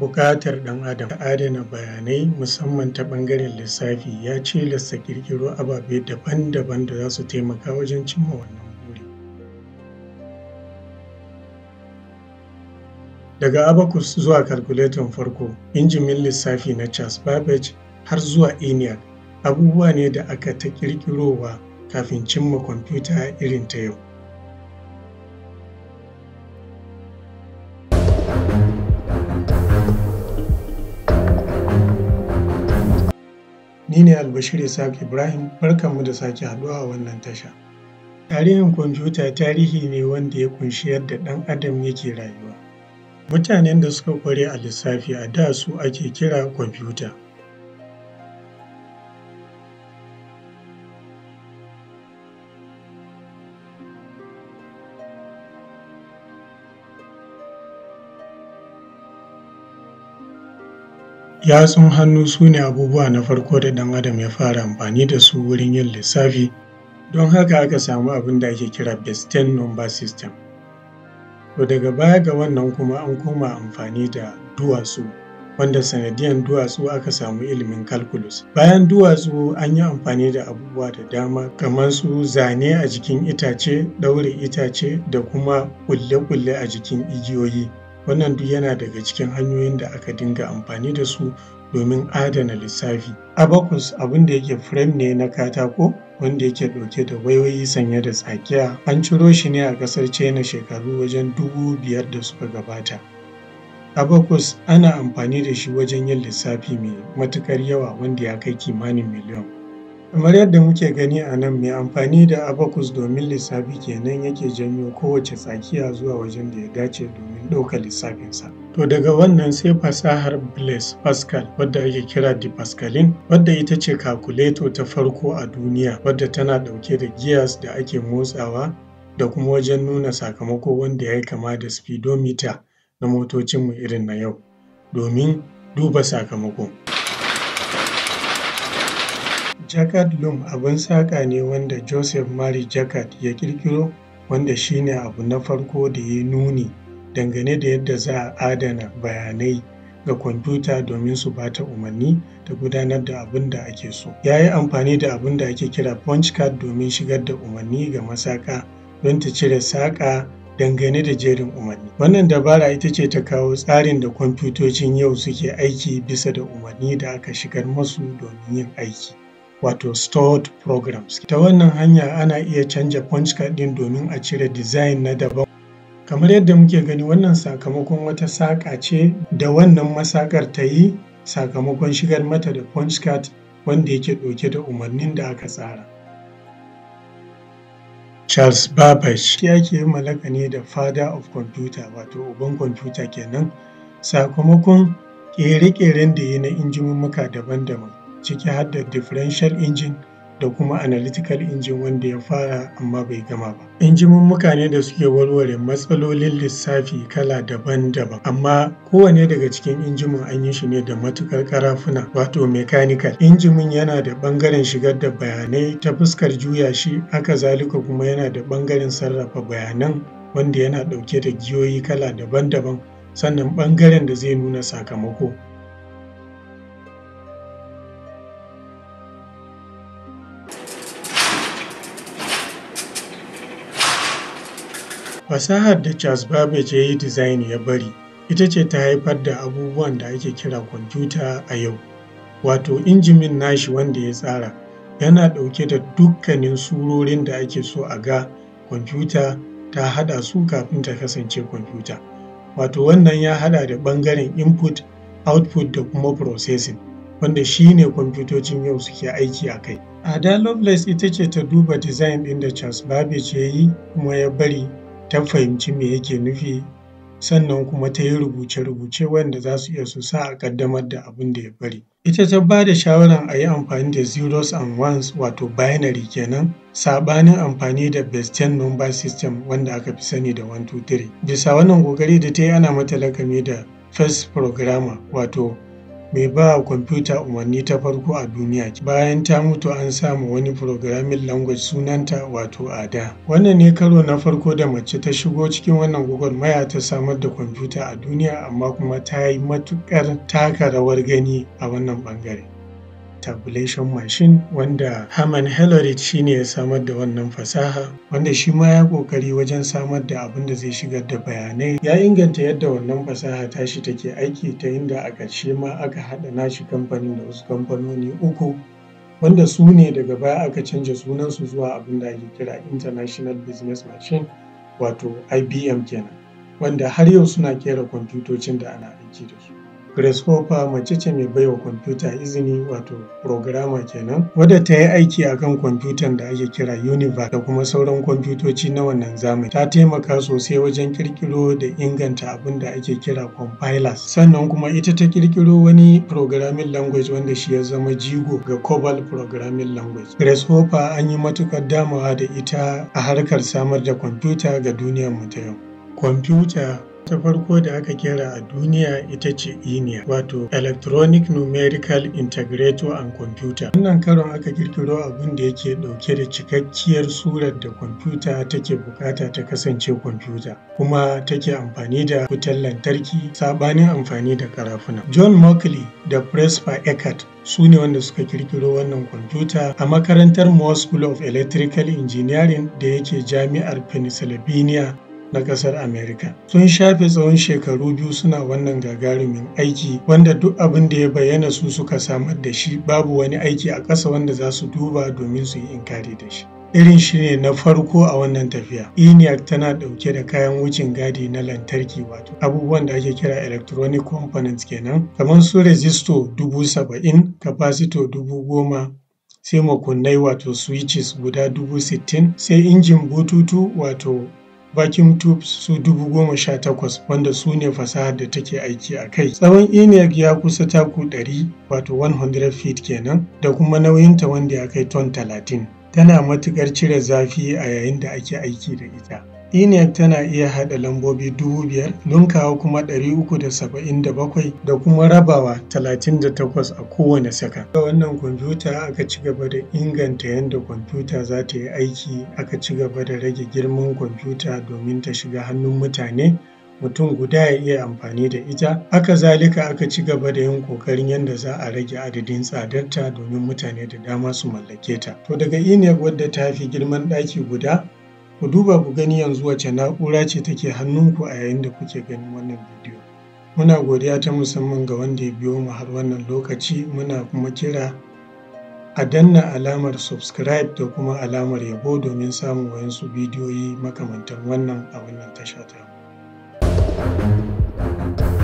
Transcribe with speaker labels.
Speaker 1: buƙatar ɗan adam da adana bayanai musamman ta ɓangaren lissafi ya ce lissa ƙirƙiro ababe daban-daban da za su taimaka wajen cimma wannan buri. Daga abacus zuwa calculator farko, injimin lissafi na Charles Babbage har zuwa ENIAC abubuwa ne da aka ta ƙirƙirowa kafin cimma kwamfuta irin ta yau. Ni ne Albashir Isaac Ibrahim, mu da sake haɗuwa a wannan tasha. Tarihin kwamfuta tarihi ne wanda ya ƙunshi yadda ɗan adam yake rayuwa. Mutanen da suka kware a lissafi a da su ake kira kwamfuta. Yatsun hannu su ne abubuwa na farko da ɗan adam ya fara amfani da su wurin yin lissafi, don haka aka samu abin da ake kira Best-ten number system. To daga baya ga wannan kuma an koma amfani da duwatsu, wanda sanadiyan duwatsu aka samu ilimin calculus. Bayan duwatsu an yi amfani da abubuwa da dama kamar su zane a jikin itace, ɗaure itace da kuma kulle-kulle a jikin igiyoyi. Wannan duk yana daga cikin hanyoyin da aka dinga amfani da su domin adana lissafi. Abacus abin da yake firem ne na katako wanda yake ɗauke da wayoyi sanye da tsakiya. An ciro shi ne a ƙasar China shekaru wajen dubu biyar da suka gabata. Abacus ana amfani da shi wajen yin lissafi mai matuƙar yawa wanda ya kai kimanin miliyan. Kamar yadda muke gani a nan mai amfani da abacus domin lissafi kenan yake janyo kowace tsakiya zuwa wajen da ya dace domin ɗaukar lissafinsa. To daga wannan sai fasahar Blaise Pascal wadda ake kira De Pascaline wadda ita ce kakuleto ta farko a duniya wadda tana ɗauke da gears da ake motsawa da kuma wajen nuna sakamako wanda ya yi kama da speedometer na motocinmu irin na yau domin duba sakamako. Jacquard Loom abin saƙa ne wanda Joseph Marie Jacquard ya ƙirƙiro wanda shi ne abu na farko da ya nuni dangane da yadda za a adana bayanai ga kwamfuta domin su ba ta umarni ta gudanar da abin da ake so. Ya yi amfani da abin da ake kira punch card domin shigar da umarni ga masaƙa don ta cire saƙa dangane da jerin umarni. Wannan dabara ita ce ta kawo tsarin da kwamfutocin yau suke aiki bisa da umarni da aka shigar masu domin yin aiki. wato stored programs. Ta wannan hanya ana iya canja punch card din domin a cire design na daban. Kamar yadda muke gani wannan sakamakon wata saƙa ce da wannan masaƙar ta yi sakamakon shigar mata da punch card wanda yake ɗauke da umarnin da aka tsara. Charles Babbage shi ake yi ma ne da Father of Computer wato uban kwamfuta kenan sakamakon ƙere-ƙeren da ya yi na injimummuka daban-daban. ciki har da differential engine da kuma analytical engine wanda ya fara amma bai gama ba. Injimin ne da suke warware matsalolin lissafi kala daban-daban, amma kowane daga cikin injimin an yi shi ne da matukar karafuna wato mechanical. Injimin yana da bangaren shigar da bayanai ta fuskar juya shi, haka zalika kuma yana da bangaren sarrafa bayanan wanda yana dauke da giyoyi kala daban-daban, sannan bangaren da zai nuna sakamako. Fasahar da Charles Babbage ya yi dizayin ya bari ita ce ta haifar da abubuwan da ake kira kwamfuta a yau. Wato injimin nashi wanda ya tsara yana ɗauke da dukkanin surorin da ake so a ga kwamfuta ta haɗa su kafin ta kasance kwamfuta. Wato wannan ya haɗa da ɓangaren input, output da kuma processing wanda shi ne kwamfutocin yau suke aiki a kai. Ada Lovelace ita ce ta duba dizayin ɗin da Charles Babbage ya yi kuma ya bari ta fahimci me yake nufi sannan kuma ta yi rubuce-rubuce wanda za su iya su sa a ƙaddamar da abin da ya bari. Ita ta ba da shawaran a yi amfani da zeros and ones wato binary kenan saɓanin amfani da Best-Ten number system wanda aka fi sani da 123. Bisa wannan ƙoƙari da ta yi ana mata lakami da first programmer wato mai ba wa kwamfuta umarni ta farko a duniya bayan ta mutu an samu wani programming language sunanta wato ada wannan ne karo na farko da mace ta shigo cikin wannan maya ta samar da kwamfuta a duniya amma kuma ta yi matuƙar taka rawar gani a wannan bangare tabulation machine wanda Herman Hellerich shine ya samar da wannan fasaha wanda shi ma ya kokari wajen samar da abin da zai shigar da bayanai ya inganta yadda wannan fasaha tashi take aiki ta inda a ƙarshe ma aka haɗa nashi kamfanin da wasu kamfanoni uku wanda su ne daga baya aka canja sunansu zuwa abin da ake kira International Business Machine wato IBM kenan wanda har yau suna kera kwamfutocin da ana aiki da su. Grasshopper mace ce mai baiwa kwamfuta izini wato 'programmer' kenan wadda ta yi aiki kan kwamfutan da ake kira Univac da kuma sauran kwamfutoci na wannan zamani. Ta taimaka sosai wajen kirkiro da inganta abin da ake kira compilers. Sannan kuma ita ta kirkiro wani programming language wanda shi ya zama jigo ga COBOL programming language. Grasshopper an yi matuƙar damawa da ita a harkar samar da kwamfuta ga duniyarmu ta yau. Kwamfuta ta farko da aka kera a duniya ita ce e inia wato Electronic Numerical Integrator and Computer. Wannan karon aka kirkiro abin da yake dauke da cikakkiyar surar da kwamfuta take bukata ta kasance kwamfuta kuma take amfani da wutar lantarki sabanin amfani da karafuna. John Mockley da Presper Eckert su ne wanda suka kirkiro wannan kwamfuta a makarantar Moore School of Electrical Engineering da yake jami'ar Pennsylvania na ƙasar Amerika. Sun shafe tsawon shekaru biyu suna wannan gagarumin aiki wanda duk abin da ya bayyana su suka samar da shi babu wani aiki a ƙasa wanda za su duba domin su yi inkari da shi. irin shi ne na farko a wannan tafiya eniac tana ɗauke da kayan wucin gadi na lantarki wato abubuwan da ake kira electronic components kenan kamar su resisto dubu saba'in kapasito dubu goma sai makunnai wato switches guda dubu sittin sai injin bututu wato vacuum tubes su dubu goma sha takwas wanda su ne fasahar da take aiki a kai. Tsawon ENIAC ya kusa taku ɗari wato 100 feet kenan da kuma nauyinta wanda ya kai ton talatin. Tana matukar cire zafi a yayin da ake aiki da ita. ENIAC tana iya haɗa lambobi 5000, lunkawa kuma 377 da kuma rabawa 38 a kowane sakan. Da wannan kwamfuta aka ci gaba da inganta yadda kwamfuta za ta yi aiki, aka ci gaba da rage girman kwamfuta domin ta shiga hannun mutane. mutum guda ya iya amfani da ita Aka zalika aka ci gaba da yin ƙoƙarin yadda za a rage adadin tsadarta domin mutane da dama su mallake ta to daga eniac wadda ta fi girman ɗaki guda Ku duba ku gani yanzu wace na'ura ce take ku a yayin da kuke ganin wannan bidiyo. Muna godiya ta musamman ga wanda ya biyo mu har wannan lokaci muna kuma kira a danna alamar subscribe da kuma alamar yabo domin samun waɗansu bidiyoyi makamantan wannan a wannan tasha tamu.